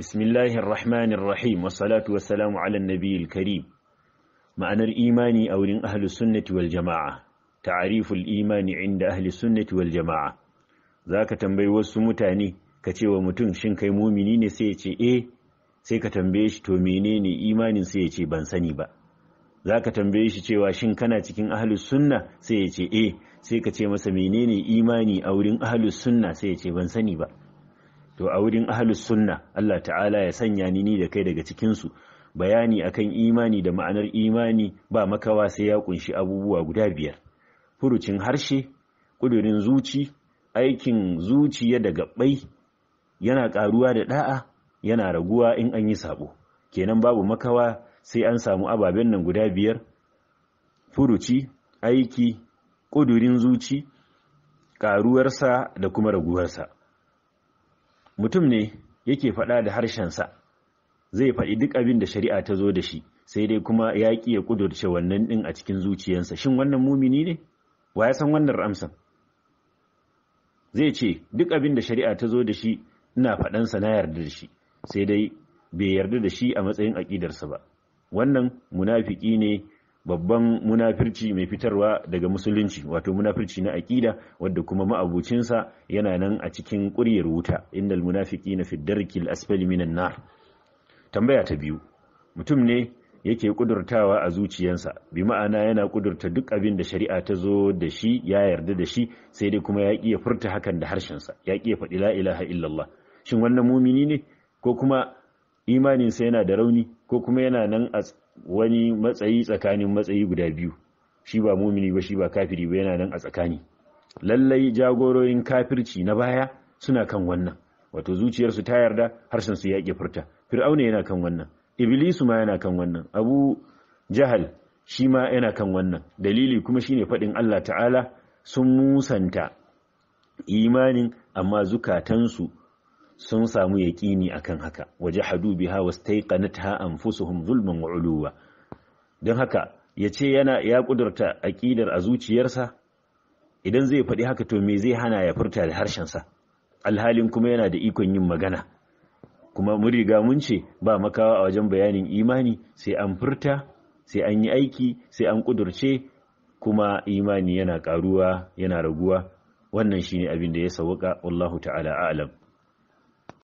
بسم الله الرحمن الرحيم والصلاة والسلام على النبي الكريم معنى الإيمان أو أهل السنة والجماعة تعريف الإيمان عند أهل السنة والجماعة ذاك تنبي mutum كتي ومتن شنكي مؤمنين سيتي إيه sai ka tambaye shi to menene imanin sai ya ce ban sani ba za ka tambaye shi cewa shin kana cikin ahlus sunna sai ya ce eh sai ka ce masa menene imani a wurin ahlus sunna sai ya ce ban sani ba to a wurin ahlus sunna Allah ta'ala ya sanya ni ni da kai daga cikin su bayani akan imani da ma'anar imani ba makawa sai ya kunshi abubuwa guda biyar furucin harshe kudurin zuci aikin zuciya da gabbai yana karuwa da da'a yana raguwa in an yi sabo kenan babu makawa sai an samu ababen nan guda biyar furuci aiki kudurin zuci karuwarsa da kuma raguwarsa mutum ne yake faɗa da harshensa zai faɗi duk abin da shari'a ta zo da shi sai dai kuma ya ƙi ya ƙudurce wannan ɗin a cikin zuciyarsa shin wannan mumini ne wa ya san wannan ramsan zai ce duk abin da shari'a ta zo da shi ina faɗansa na yarda da shi sai dai bai yarda da shi a matsayin aƙidarsa ba wannan munafiki ne babban munafirci mai fitarwa daga musulunci wato munafirci na aƙida wadda kuma ma'abucinsa yana nan a cikin ƙuryar wuta innal munafiqina fi darkil asfali minan nar tambaya ta biyu mutum ne yake kudurtawa a zuciyansa bi ma'ana yana kudurta duk abin da shari'a ta zo da shi ya yarda da shi sai dai kuma ya ƙi furta hakan da harshensa ya ƙi ya faɗi la ilaha illallah shin wannan mumini ne ko kuma imaninsa yana da rauni ko kuma yana nan a wani matsayi tsakanin matsayi guda biyu shi ba mumini ba shi ba kafiri ba yana nan a tsakani lallai jagororin kafirci na baya suna kan wannan wato zuciyarsu ta yarda harshen su ya furta fir'auna yana kan wannan iblisu ma yana kan wannan abu jahal shi ma yana kan wannan dalili kuma shine faɗin Allah ta'ala sun musanta imanin amma zukatansu sun samu yaƙini akan haka waje hadu biha wastaiqanatha anfusuhum zulman wa uluwa don haka yace yana ya kudurta aqidar a zuciyarsa idan zai faɗi haka to me zai hana ya furta da harshen sa alhalin kuma yana da ikon yin magana kuma mun riga mun ce ba makawa a wajen bayanin imani sai an furta sai an yi aiki sai an kudurce kuma imani yana karuwa yana raguwa wannan shine abin da ya sawaƙa wallahu ta'ala a'lam